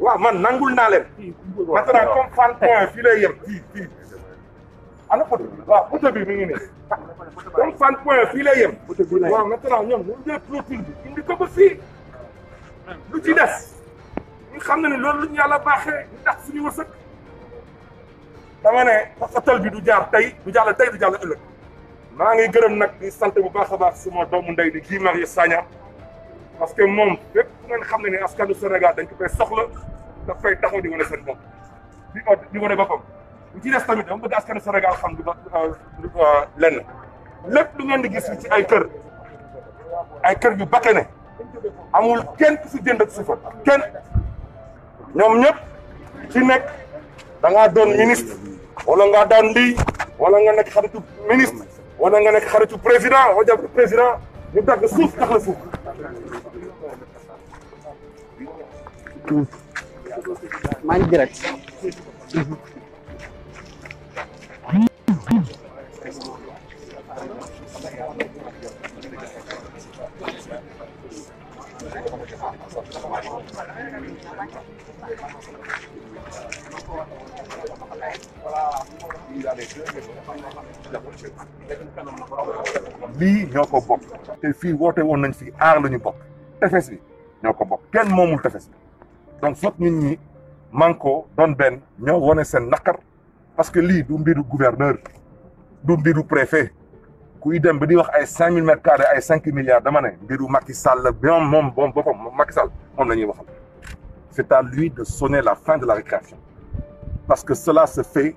Wah man nangul na len maintenant comme fan point fi lay yem fii fii. ana ko wa waaw photo bi mi ngi nii. comme fan point fi lay yem. wa maintenant ñom ñu jël profil bi indi ko ba fi lu ci dess ñu xam ne ni loolu lu ñu yàlla baaxee ñu tax suñu wërsëg. dama ne xatal bi du jaar tay du jaar tay du jaar ëlëk ma ngi gërëm nak di sante bu baaxa baax suma doomu ndey di gi mari Sagna parce que mom fépp ngeen xam ne ne askanu Sénégal dañ ko fay soxla daf fay taxaw di wane seen bopp di di wane boppam li ci des tamit dama bëgg askanu Sénégal xam du ba euh, lenn lépp lu ngeen di gis ci ay kër ay kër yu bakke ne amul kenn ku fi jënd ak suufa kenn ñoom ñëpp ci nekk danga ngaa doon ministre wala ngaa daan lii wala nga nekk xaritu ministre wala nga nekk xaritu président wala jàpp président ñu dagg suuf tax la maa ngi direct. lii ñoo ko bokk te fii woote woon nañ fi aar la ñu bokk tefes bi ñoo ko bokk kenn moomul tefes bi donc foog que nous, manko Don Ben, ñoo wane seen nakar. parce que lui, du sommes gouverneur du préfet kuy dem 5 milliards ne Macky Sall c'est à lui de sonner la fin de la récréation parce que cela se fait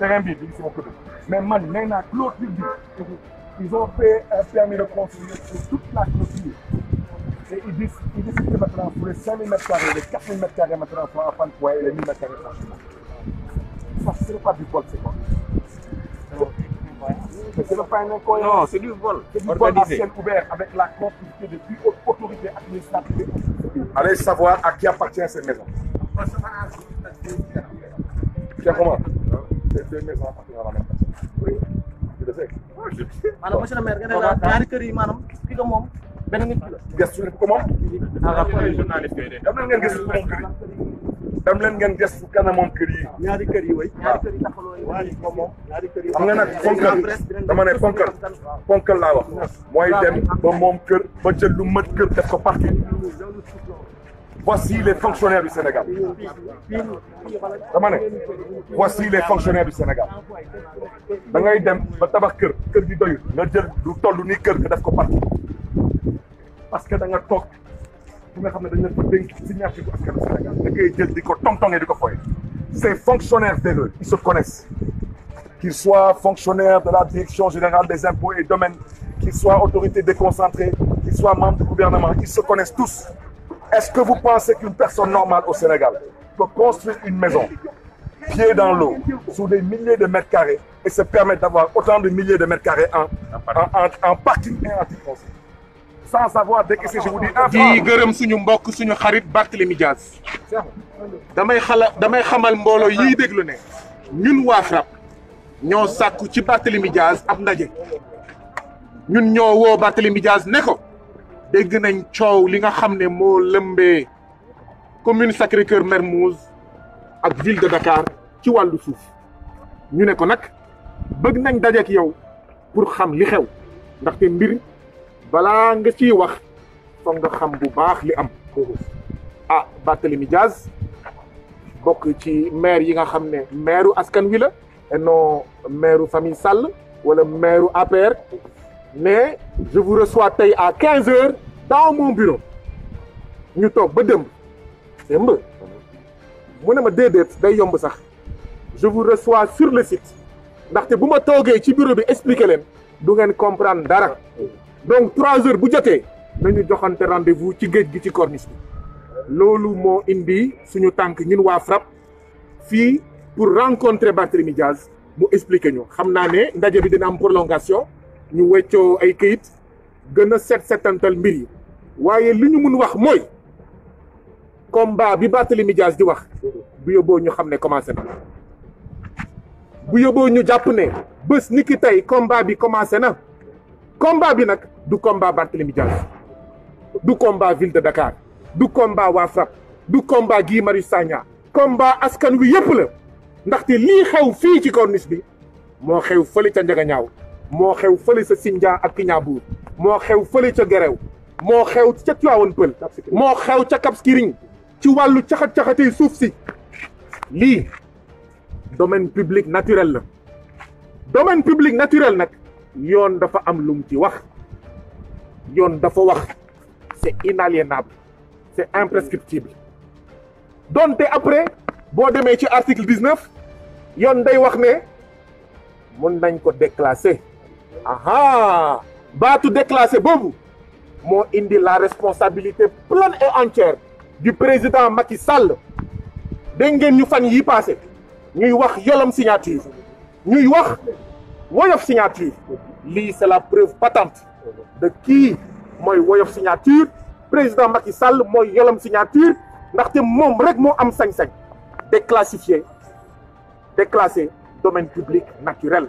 terrain vide, ils sont bokk mais man maintenant, clôture ils ont fait un permis de construire toute la clôture et ils disent ils disent que les 5000 mètres carrés les 4000 mètres carrés maintenant, en fin de Fann et les 1000 mètres carrés ça ce pas du vol c'est quoi c'est le pain Non, c'est du vol. C'est du vol à ciel ouvert avec la complicité de plus haute autorités administratives. Allez savoir à qui appartient ces maisons. Tiens, comment deux deux mille francs facture la maanaam monsieur le maire nga ne la ñaari kër yi maanaam ki ko moom benn nit ki ko moom. Ah, dam leen ngeen gëstu moom kër yi. dam leen ngeen gëstu kana kër yi. ñaari kër yi way ñaari kër yi taxaloo yi. kër yi. xam nga nag ponkal dama ne ponkal ponkal laa mooy dem ba moom kër ba jël lu mat kër def ko parti Voici les fonctionnaires du Sénégal. voici les fonctionnaires du Sénégal da ngay dem ba tabax keur keur di doyul nga jël lu tollu ni keur nga def ko parti parce que da nga tok nous nga xam dañ la fa dénk signature askan Sénégal da ngay jël diko ces fonctionnaires d'eux, ils se connaissent qu'ils soient fonctionnaires de la direction générale des impôts et domaines qu'ils soient autorités déconcentrées qu'ils soient membres du gouvernement ils se connaissent tous. Est-ce que vous pensez qu'une personne normale au Sénégal peut construire une maison, pied dans l'eau, sur des milliers de mètres carrés, et se permettre d'avoir autant de milliers de mètres carrés en, en, en, parking et en sans savoir dès que c'est je vous dis un franc. di gërëm suñu mbokk suñu xarit Barthélémy Diaz. damay xala damay xamal mbooloo yiy déglu ne ñun waa FRAPP ñoo sàkku ci Barthélémy Diaz ab ndaje ñun ñoo woo Barthélémy Diaz ne ko dégg nañ coow li nga xam ne moo commune Sacré-Cœur Mermoz ak ville de Dakar ci wàllu suuf ñu ne ko nag bëgg nañ dajeek yow pour xam li xew ndaxte mbir balaa nga ciy wax foog nga xam bu baax li am ah Barthélémy Dias bokk ci maire yi nga xam ne maireu askan wi la non maireu famille Sall wala maireu APR mais je vous reçois tey à 15 heures dans mon bureau ñu toog ba démb démb mu ne ma déedéet day yomb sax je vous reçois sur le site ndaxte bu ma toogee ci bureau bi expliquer leen du comprendre dara donc trois heures bu jotee nañu joxante rendez-vous ci géej gi ci corniche bi indi suñu tànk ñun waa FRAPP fii pour rencontrer Barthélémy Diaz mu expliquer ñu xam naa ne ndaje bi dina am prolongation ñu weccoo ay këyit gën a set setantal mbir yi waaye li ñu mën wax mooy combat bi Barthélémy Dias di wax bu yóbboo ñu xam ne commencé na bu yóbboo ñu jàpp ne bés ni ki tey combat bi commencé na combat bi nag du combat Barthélémy Dias du combat ville de Dakar du combat waa du combat Guy Marius Sagna combat askan wi yëpp la ndaxte lii xew fii ci corniche bi moo xew fële ca Ndiaga moo xew fële sa Sindia ak Pignambour moo xew fële ca Gerew moo xew ca Tivaouane Pël moo xew ca Cap ci wàllu caxat-caxatee suuf si lii domaine public naturel la domaine public naturel nag yoon dafa am lum ci wax yoon dafa wax c'est inaliénable c'est imprescriptible donte après boo demee ci article 19 yoon day wax ne mën nañ ko déclasser aha baatu déclassé Moi, moo indi la responsabilité pleine et entière du président Macky Sall dégg ngeen ñu fan yi passé ñuy wax yolom signature ñuy wax woyof signature Li c'est la preuve patente de qui moi woyof signature président Macky Sall moi yolom signature ndaxte membre rek am sañ-sañ déclassifier déclasser domaine public naturel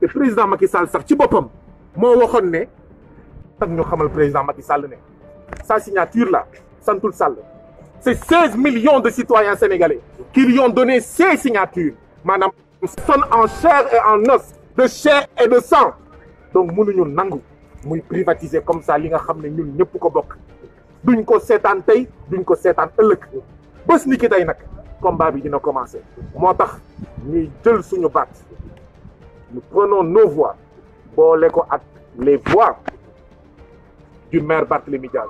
le président Macky Sall sax ci bopam mo waxone ne tax ñu xamal président Macky Sall sa signature là santul Sall c'est seize millions de citoyens sénégalais qui lui ont donné ces signatures manam sonne en chair et en os de chair et de sang donc ñu nangu muy privatiser comme ça li nga xamné ne ñun ñëpp ko bok duñ ko seetaan tay duñ ko seetaan ëlëk bés ni ki tey nag combat bi dina commencer motax ñi ñuy jël suñu baat nous prenons nos voix Bon l'écho ak les voix du maire Barthélémy Diaz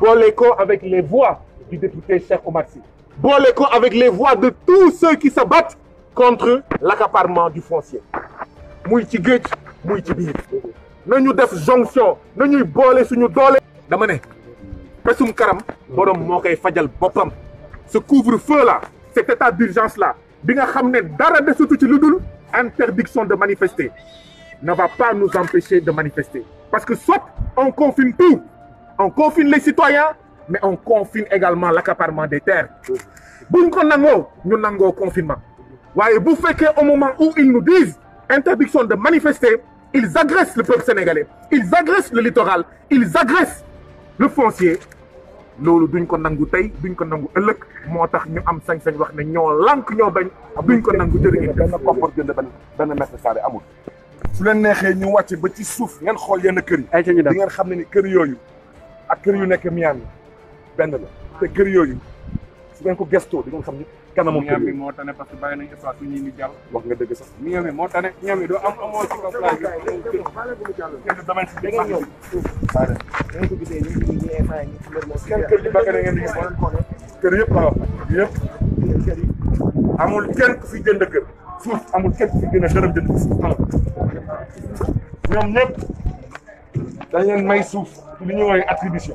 Bon l'écho avec les voix du député Cheikh Omar Sy Bon avec les voix de tous ceux qui se battent contre l'accaparement du foncier muy ci géej nous ci biir nañu def jonction nañuy bolé suñu doole dama ne pesum karam borom moo Fadjal la ce couvre-feu là cet état d'urgence là bi nga xam ne dara desutu ci interdiction de manifester ne va pas nous empêcher de manifester. Parce que soit on confine tout, on confine les citoyens, mais on confine également l'accaparement des terres. Nous avons un confinement. Vous faites qu'au moment où ils nous disent interdiction de manifester, ils agressent le peuple sénégalais, ils agressent le littoral, ils agressent le foncier, loolu duñ ko nangu tey duñ ko nangu ëllëg moo tax ñu am sañ-sañ wax ne ñoo lank ñoo bañ. duñ ko nangu jërë ngeen benn koppar jënd benn benn mètre carré amul. su leen neexee ñu wàcce ba ci suuf ngeen xool yenn kër yi. ay di ngeen xam ne ni kër yooyu ak kër yu nekk Miami benn la te kër yooyu su ngeen ko gestoo di ngeen xam ni kanamu kër yi moo tane parce que bàyyi espace di jàll. wax nga dëgg sax ñaam yi tane ñaam yi am amoo ci kaw plage kenn dama ci dama ñëw baara dañ ko gisee ñu ñu ñëw fa ñu mbër mo kenn kër yi bakane ngeen di ko kër yëpp la wax yëpp amul kenn ku fi jënd kër suuf amul kenn ku jënd suuf dañ leen may suuf li ñu woy attribution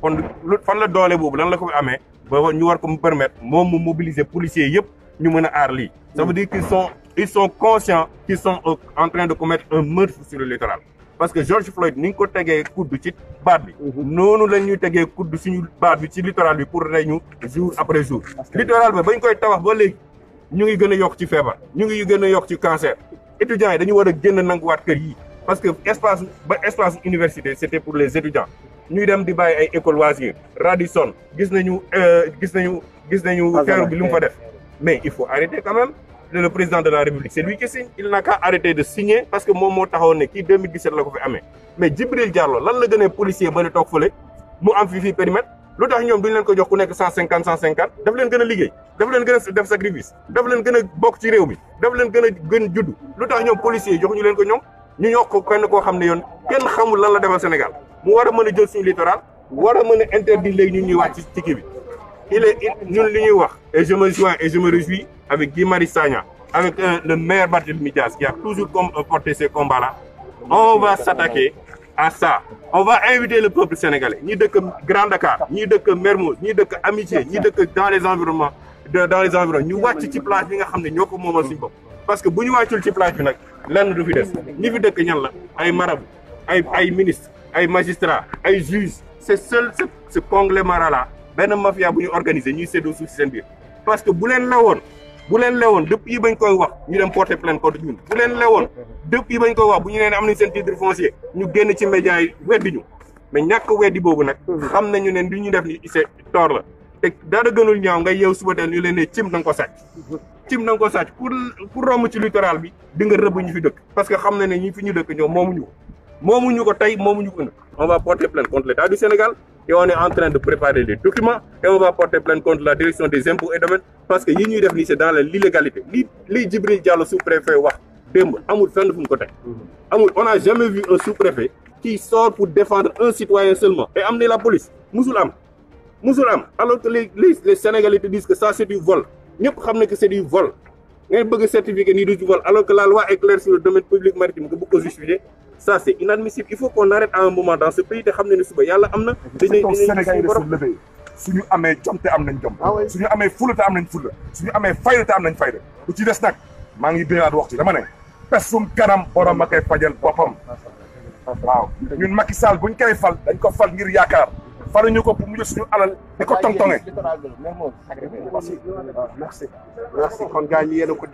kon fan la doole boobu lan la ko amee ba ñu war ko mu permettre moom mu mobiliser policiers yëpp ñu mën a aar lii. ça veut dire qu'ils sont ils sont conscients qu'ils sont euh, en train de commettre un meurtre sur le littoral. parce que George Floyd ni ko tegee kudd ci baat bi. Mhm. noonu la ñuy tegee kudd suñu baat bi ci littoral bi pour rey ñu jour après jour. littoral ba bañ koy tabax ba léegi ñu ngi gën a yokk ci feebar. ñu ngi gën a yokk ci cancer. étudiants yi dañu war a génn nanguwaat kër yi parce que espace ba espace université c'était pour les étudiants ñuy dem di bàyyi ay école loisir Radisson euh, gis nañu gis nañu gis nañu feeru bi lu mu fa def mais il faut arrêter quand même le président de la république c'est lui qui signe il n'a qu'à arrêter de signer parce que moom moo taxawoon ne kii 2017 la ko fi amee mais Djibril Diallo lan la gënee policier ba ne toog fële mu am fi fii périmètre lu tax ñoom duñ leen ko jox ku nekk cent cinquante cent cinquante daf leen gën a liggéey daf leen gën a def sacrifice daf leen gën a bokk ci réew mi daf leen gën a gën judd lu tax ñoom policier jox ñu leen ko ñoom ñu ñoo ko kenn koo xam ne kenn xamul lan la Sénégal mu war a jël littoral war a interdire léegi ñun ñuy wàcc ci bi il est ñun li ñuy et je me joins et je me réjouis avec Guy avec euh, le maire qui a toujours euh, porté ces combats là on va s'attaquer à ça on va inviter le peuple sénégalais Ni de Grand Dakar ni de Mermoz ni dëkk Amitié ñi dëkk dans les environnements dans les environs ñu ci parce que bu ñu ci lenn du fi des ni fi dëkk ñan la ay ay ay ministre ay magistrat ay juge c'est seul ce ce mafia bu ñu organiser ñuy suuf parce que bu leen la bu leen depuis yi bañ koy wax ñu dem porter plainte contre bu depuis bañ koy wax bu ñu titre foncier ñu génn ci médias yi mais ñàkk weddi boobu nag xam nañu ne li def ni tort la te dara gënul ñaaw nga suba ñu leen cim na nga pour pour romb ci littoral bi di nga reub ñu fi dëkk parce que xam na ne ñi fi ñu dëkk momu ñu momu ñu ko momu ñu ko on va porter plainte contre l'État du Sénégal et on est en train de préparer les documents et on va porter plainte contre la direction des impôts et domaines parce que yi ñuy def nii c'est dans l'illégalité li li Djibril Diallo sous-préfet wax démb amul fenn fu ko teg amul on a jamais vu un sous-préfet qui sort pour défendre un citoyen seulement et amener la police musul am musul am alors que les les Sénégalais te disent que ça c'est du vol ñëpp xam que c'est du vol ngay bëgg certifier ni du vol alors que la loi est claire sur le domaine public maritime que beaucoup ko justifier ça c'est inadmissible il faut qu'on arrête à un moment dans ce pays te xam ne suba yalla amna dañ dañuy Sénégal yi se suñu amé jomté te am nañ jom ah suñu amé fula te am nañ fula suñu amé fayda te am nañ fayda bu ci dess nak ma ngi biraat wax ci dama né pesum kanam borom a fajal waaw ñun Macky Sall buñ koy fal dañ ko fal ngir yaakaar faruñu ko pour mu jël suñu alal di ko tongtonge. merci merci kon gars yi a ko